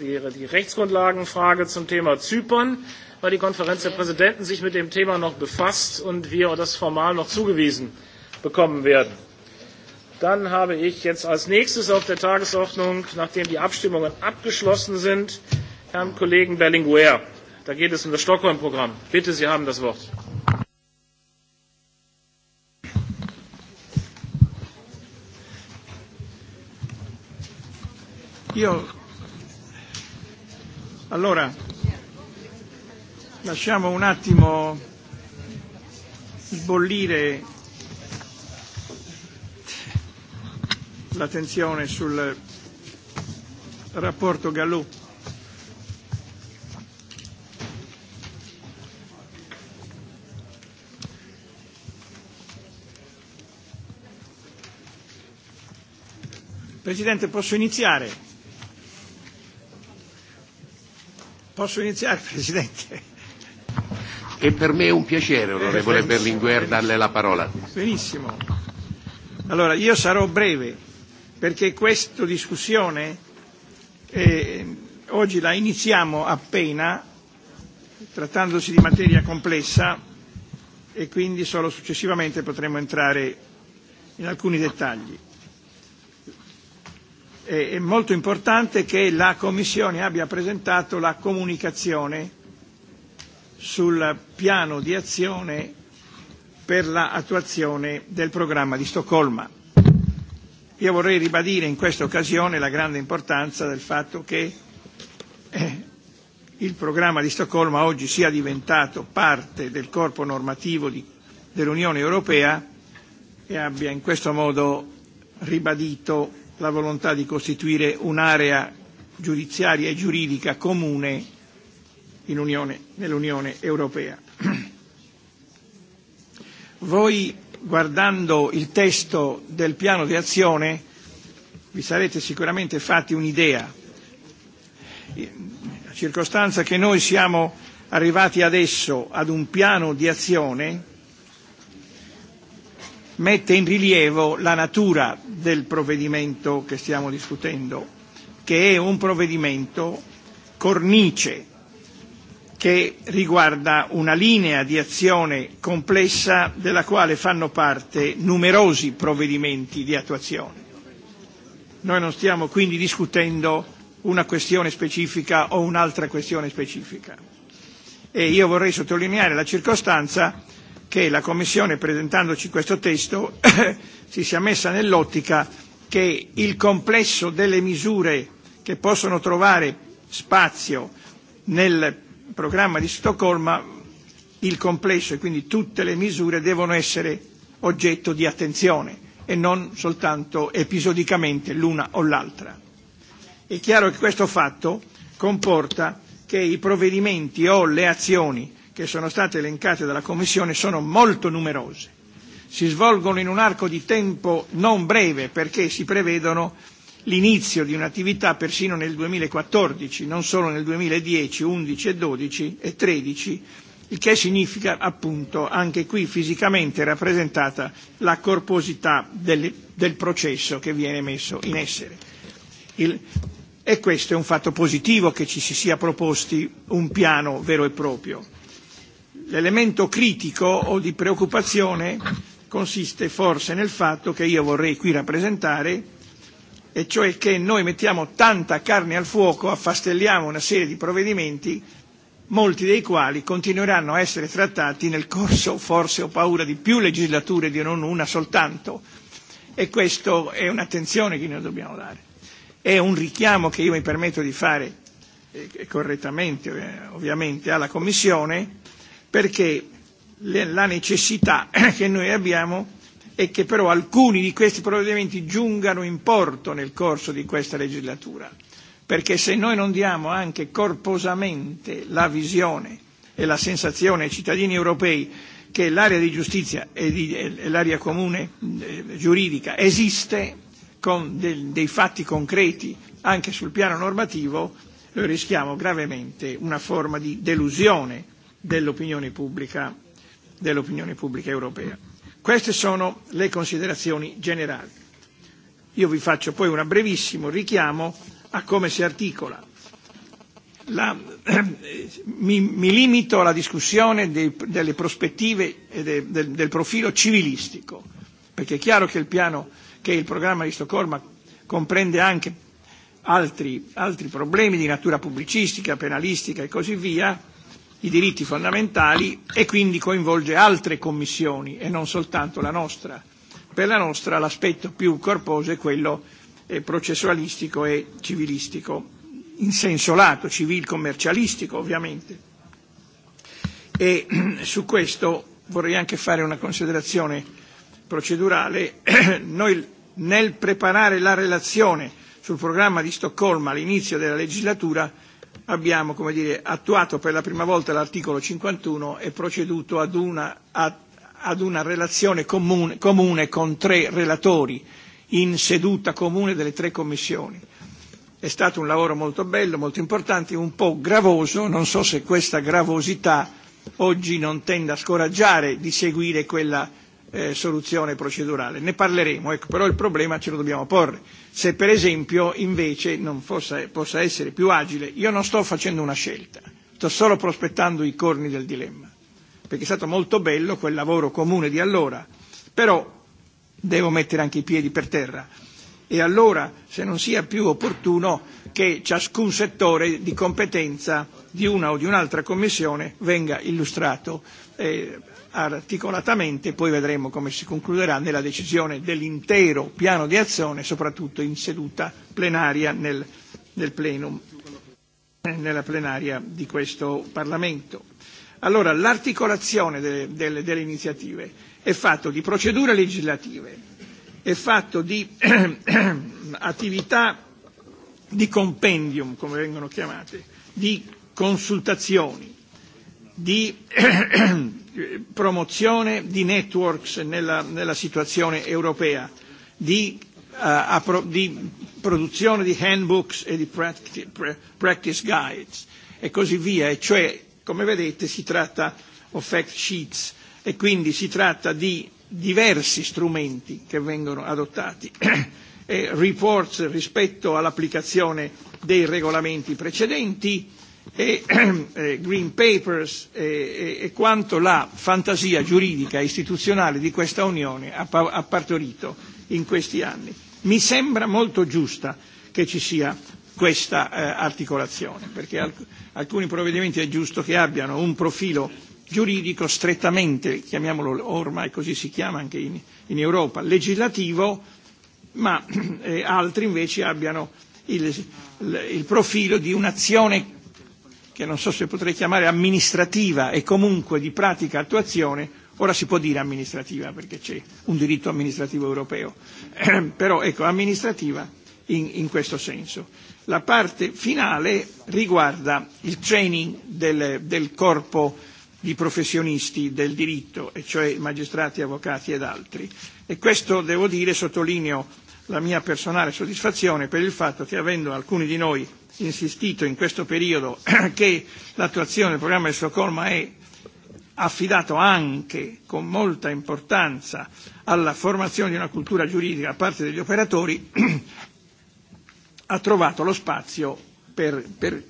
die, die Rechtsgrundlagenfrage zum Thema Zypern, weil die Konferenz der Präsidenten sich mit dem Thema noch befasst und wir das formal noch zugewiesen bekommen werden. Dann habe ich jetzt als nächstes auf der Tagesordnung, nachdem die Abstimmungen abgeschlossen sind, Herrn Kollegen Berlinguer. Da geht es um das Stockholm-Programm. Bitte, Sie haben das Wort. Io allora lasciamo un attimo sbollire l'attenzione sul rapporto Gallù. Presidente, posso iniziare? Posso iniziare, Presidente? E per me è un piacere, onorevole Berlinguer, darle la parola. Benissimo. Allora, io sarò breve, perché questa discussione eh, oggi la iniziamo appena, trattandosi di materia complessa, e quindi solo successivamente potremo entrare in alcuni dettagli è molto importante che la Commissione abbia presentato la comunicazione sul piano di azione per l'attuazione del programma di Stoccolma. Io vorrei ribadire in questa occasione la grande importanza del fatto che il programma di Stoccolma oggi sia diventato parte del corpo normativo di, dell'Unione Europea e abbia in questo modo ribadito la volontà di costituire un'area giudiziaria e giuridica comune in Unione, nell'Unione Europea. Voi, guardando il testo del piano di azione, vi sarete sicuramente fatti un'idea, la circostanza che noi siamo arrivati adesso ad un piano di azione mette in rilievo la natura del provvedimento che stiamo discutendo, che è un provvedimento cornice che riguarda una linea di azione complessa della quale fanno parte numerosi provvedimenti di attuazione. Noi non stiamo quindi discutendo una questione specifica o un'altra questione specifica. E io vorrei sottolineare la circostanza che la Commissione, presentandoci questo testo, si sia messa nell'ottica che il complesso delle misure che possono trovare spazio nel programma di Stoccolma, il complesso e quindi tutte le misure devono essere oggetto di attenzione e non soltanto episodicamente l'una o l'altra. È chiaro che questo fatto comporta che i provvedimenti o le azioni che sono state elencate dalla Commissione sono molto numerose. Si svolgono in un arco di tempo non breve perché si prevedono l'inizio di un'attività persino nel 2014, non solo nel 2010, 11 e 12 e 13, il che significa appunto anche qui fisicamente rappresentata la corposità del, del processo che viene messo in essere. Il, e questo è un fatto positivo che ci si sia proposti un piano vero e proprio l'elemento critico o di preoccupazione consiste forse nel fatto che io vorrei qui rappresentare, e cioè che noi mettiamo tanta carne al fuoco, affastelliamo una serie di provvedimenti, molti dei quali continueranno a essere trattati nel corso, forse ho paura, di più legislature di non una soltanto. E questa è un'attenzione che noi dobbiamo dare. È un richiamo che io mi permetto di fare correttamente, ovviamente, alla Commissione perché la necessità che noi abbiamo è che però alcuni di questi provvedimenti giungano in porto nel corso di questa legislatura, perché se noi non diamo anche corposamente la visione e la sensazione ai cittadini europei che l'area di giustizia e l'area comune giuridica esiste con dei fatti concreti anche sul piano normativo, noi rischiamo gravemente una forma di delusione dell'opinione pubblica, dell'opinione pubblica europea. Queste sono le considerazioni generali. Io vi faccio poi un brevissimo richiamo a come si articola. La, mi, mi limito alla discussione dei, delle prospettive e de, del, del profilo civilistico, perché è chiaro che il, piano, che il programma di Stoccolma comprende anche altri, altri problemi di natura pubblicistica, penalistica e così via, i diritti fondamentali e quindi coinvolge altre commissioni e non soltanto la nostra. Per la nostra l'aspetto più corposo è quello processualistico e civilistico, in senso lato, civil-commercialistico ovviamente. E su questo vorrei anche fare una considerazione procedurale. Noi nel preparare la relazione sul programma di Stoccolma all'inizio della legislatura abbiamo come dire, attuato per la prima volta l'articolo 51 e proceduto ad una, ad una relazione comune, comune con tre relatori in seduta comune delle tre commissioni. È stato un lavoro molto bello, molto importante, un po' gravoso, non so se questa gravosità oggi non tenda a scoraggiare di seguire quella eh, soluzione procedurale. Ne parleremo, ecco, però il problema ce lo dobbiamo porre. Se per esempio invece non fosse, possa essere più agile, io non sto facendo una scelta, sto solo prospettando i corni del dilemma, perché è stato molto bello quel lavoro comune di allora, però devo mettere anche i piedi per terra e allora se non sia più opportuno che ciascun settore di competenza di una o di un'altra commissione venga illustrato eh, articolatamente, poi vedremo come si concluderà nella decisione dell'intero piano di azione, soprattutto in seduta plenaria nel, nel plenum, nella plenaria di questo Parlamento. Allora, l'articolazione delle, delle, delle iniziative è fatto di procedure legislative, è fatto di attività di compendium, come vengono chiamate, di consultazioni, di promozione di networks nella, nella situazione europea, di, uh, di produzione di handbooks e di practice guides e così via, e cioè, come vedete, si tratta di fact sheets e quindi si tratta di diversi strumenti che vengono adottati e reports rispetto all'applicazione dei regolamenti precedenti e green papers e quanto la fantasia giuridica e istituzionale di questa Unione ha partorito in questi anni. Mi sembra molto giusta che ci sia questa articolazione, perché alcuni provvedimenti è giusto che abbiano un profilo giuridico strettamente, chiamiamolo ormai così si chiama anche in, in Europa, legislativo, ma eh, altri invece abbiano il, il profilo di un'azione che non so se potrei chiamare amministrativa e comunque di pratica attuazione, ora si può dire amministrativa perché c'è un diritto amministrativo europeo, però ecco, amministrativa in, in questo senso. La parte finale riguarda il training del, del corpo di professionisti del diritto, e cioè magistrati, avvocati ed altri. E questo, devo dire, sottolineo la mia personale soddisfazione per il fatto che avendo alcuni di noi insistito in questo periodo che l'attuazione del programma di Stoccolma è affidato anche con molta importanza alla formazione di una cultura giuridica da parte degli operatori, ha trovato lo spazio per, per,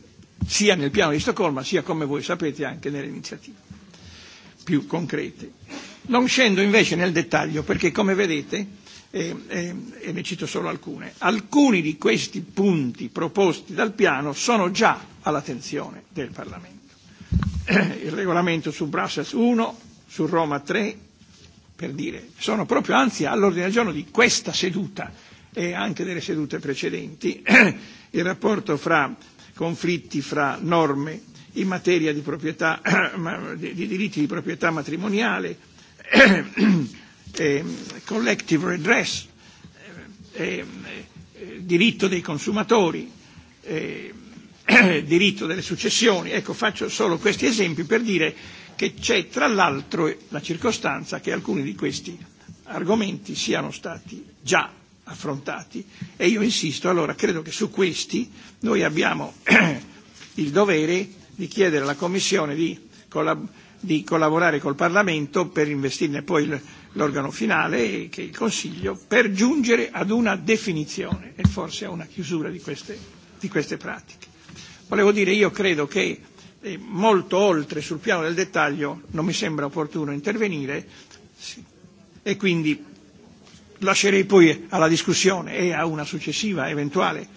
sia nel piano di Stoccolma sia, come voi sapete, anche nelle iniziative più concrete. Non scendo invece nel dettaglio perché, come vedete, e ne cito solo alcune. Alcuni di questi punti proposti dal piano sono già all'attenzione del Parlamento. Il regolamento su Brussels 1, su Roma 3, per dire, sono proprio anzi all'ordine del giorno di questa seduta e anche delle sedute precedenti, il rapporto fra conflitti fra norme in materia di, proprietà, di diritti di proprietà matrimoniale, collective redress, diritto dei consumatori, diritto delle successioni. Ecco, faccio solo questi esempi per dire che c'è tra l'altro la circostanza che alcuni di questi argomenti siano stati già affrontati e io insisto, allora credo che su questi noi abbiamo il dovere di chiedere alla Commissione di, collab- di collaborare col Parlamento per investirne poi l'organo finale e che il Consiglio per giungere ad una definizione e forse a una chiusura di queste, di queste pratiche. Volevo dire, io credo che molto oltre sul piano del dettaglio non mi sembra opportuno intervenire e quindi lascerei poi alla discussione e a una successiva eventuale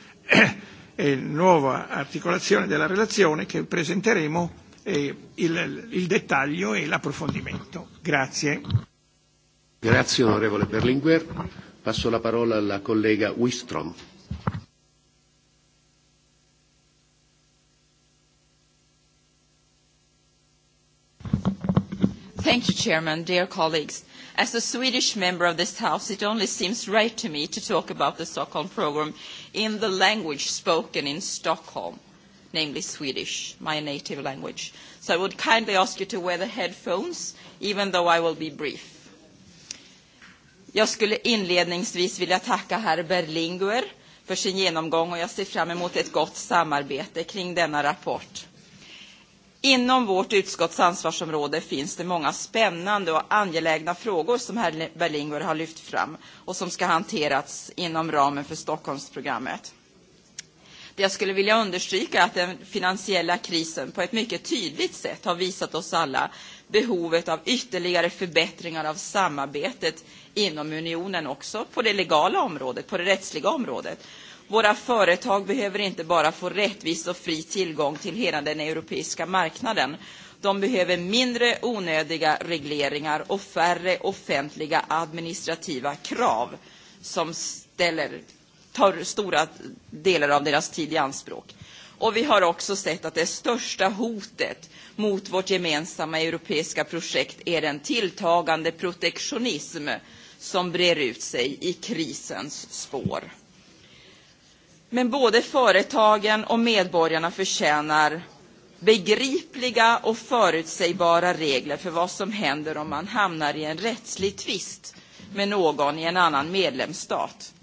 eh, nuova articolazione della relazione che presenteremo eh, il, il dettaglio e l'approfondimento. Grazie. Grazie onorevole Berlinguer. Passo la parola alla collega Wistrom. Thank you, Chairman. Dear colleagues, as a Swedish member of this House, it only seems right to me to talk about the Stockholm programme in the language spoken in Stockholm, namely Swedish, my native language. So I would kindly ask you to wear the headphones, even though I will be brief Jag skulle inledningsvis vilja tacka herr Berlinguer för sin genomgång och jag ser fram emot ett gott samarbete kring denna rapport. Inom vårt utskottsansvarsområde ansvarsområde finns det många spännande och angelägna frågor som herr Berlinguer har lyft fram och som ska hanteras inom ramen för Stockholmsprogrammet. Det jag skulle vilja understryka är att den finansiella krisen på ett mycket tydligt sätt har visat oss alla behovet av ytterligare förbättringar av samarbetet inom unionen också på det legala området, på det rättsliga området. Våra företag behöver inte bara få rättvis och fri tillgång till hela den europeiska marknaden. De behöver mindre onödiga regleringar och färre offentliga administrativa krav som ställer, tar stora delar av deras tid i anspråk. Och vi har också sett att det största hotet mot vårt gemensamma europeiska projekt är den tilltagande protektionism som brer ut sig i krisens spår. Men både företagen och medborgarna förtjänar begripliga och förutsägbara regler för vad som händer om man hamnar i en rättslig tvist med någon i en annan medlemsstat.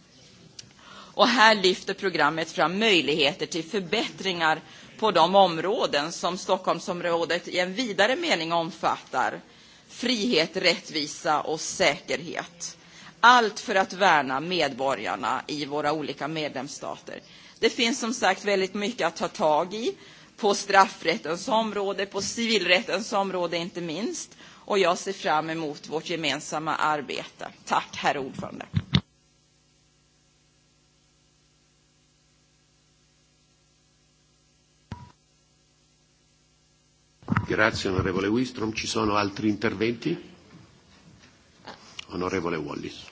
Och här lyfter programmet fram möjligheter till förbättringar på de områden som Stockholmsområdet i en vidare mening omfattar. Frihet, rättvisa och säkerhet. Allt för att värna medborgarna i våra olika medlemsstater. Det finns som sagt väldigt mycket att ta tag i på straffrättens område, på civilrättens område inte minst. Och jag ser fram emot vårt gemensamma arbete. Tack, herr ordförande. Grazie onorevole Wistrom. Ci sono altri interventi? Onorevole Wallis.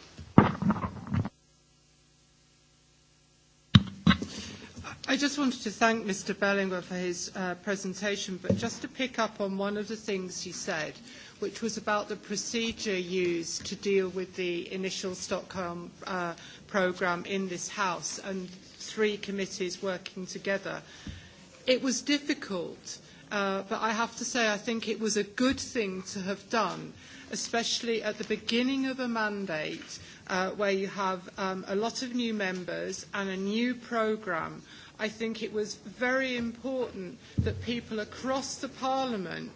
I just wanted to thank Mr. Bellinger for his uh, presentation, but just to pick up on one of the things he said, which was about the procedure used to deal with the initial Stockholm uh, programme in this House and three committees working together. It was difficult Uh, but I have to say, I think it was a good thing to have done, especially at the beginning of a mandate uh, where you have um, a lot of new members and a new programme. I think it was very important that people across the Parliament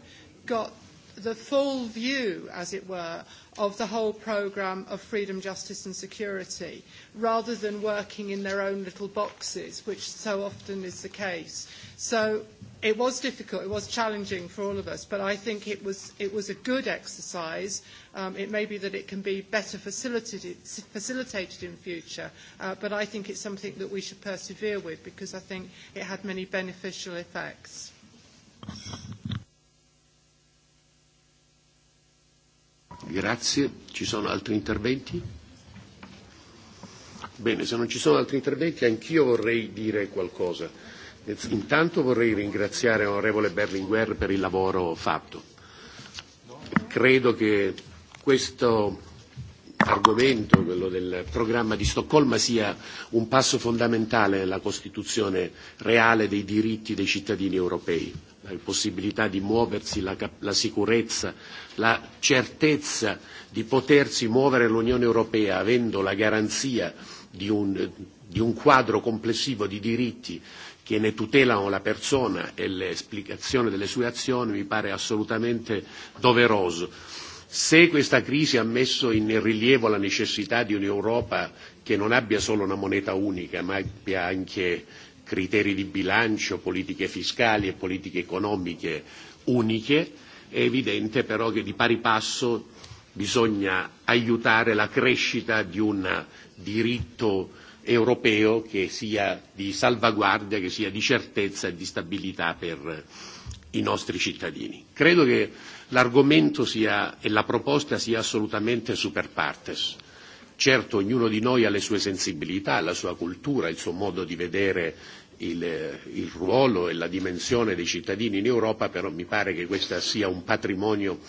got the full view, as it were, of the whole programme of freedom, justice and security, rather than working in their own little boxes, which so often is the case. So it was difficult, it was challenging for all of us, but I think it was, it was a good exercise. Um, it may be that it can be better facilitated, facilitated in future, uh, but I think it's something that we should persevere with because I think it had many beneficial effects. Grazie. Ci sono altri interventi? Bene, se non ci sono altri interventi anch'io vorrei dire qualcosa. Intanto vorrei ringraziare l'onorevole Berlinguer per il lavoro fatto. Credo che questo argomento, quello del programma di Stoccolma, sia un passo fondamentale nella costituzione reale dei diritti dei cittadini europei, la possibilità di muoversi, la, la sicurezza, la certezza di potersi muovere l'Unione Europea avendo la garanzia di un, di un quadro complessivo di diritti che ne tutelano la persona e l'esplicazione delle sue azioni mi pare assolutamente doveroso Se questa crisi ha messo in rilievo la necessità di un'Europa che non abbia solo una moneta unica, ma abbia anche criteri di bilancio, politiche fiscali e politiche economiche uniche, è evidente però che di pari passo bisogna aiutare la crescita di un diritto europeo che sia di salvaguardia, che sia di certezza e di stabilità per i nostri cittadini. Credo che l'argomento sia, e la proposta sia assolutamente super partes. Certo, ognuno di noi ha le sue sensibilità, la sua cultura, il suo modo di vedere il, il ruolo e la dimensione dei cittadini in Europa, però mi pare che questo sia un patrimonio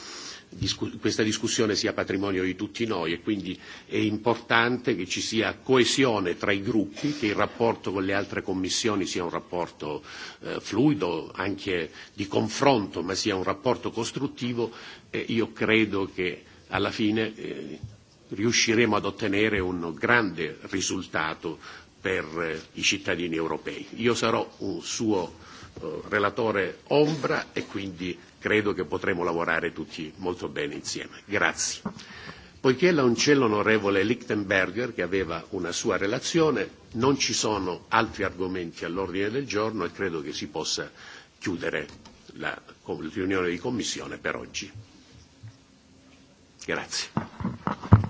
questa discussione sia patrimonio di tutti noi e quindi è importante che ci sia coesione tra i gruppi, che il rapporto con le altre commissioni sia un rapporto eh, fluido, anche di confronto, ma sia un rapporto costruttivo e io credo che alla fine eh, riusciremo ad ottenere un grande risultato per eh, i cittadini europei. Io sarò un suo relatore ombra e quindi credo che potremo lavorare tutti molto bene insieme. Grazie. Poiché la c'è onorevole Lichtenberger, che aveva una sua relazione, non ci sono altri argomenti all'ordine del giorno e credo che si possa chiudere la riunione di commissione per oggi. Grazie.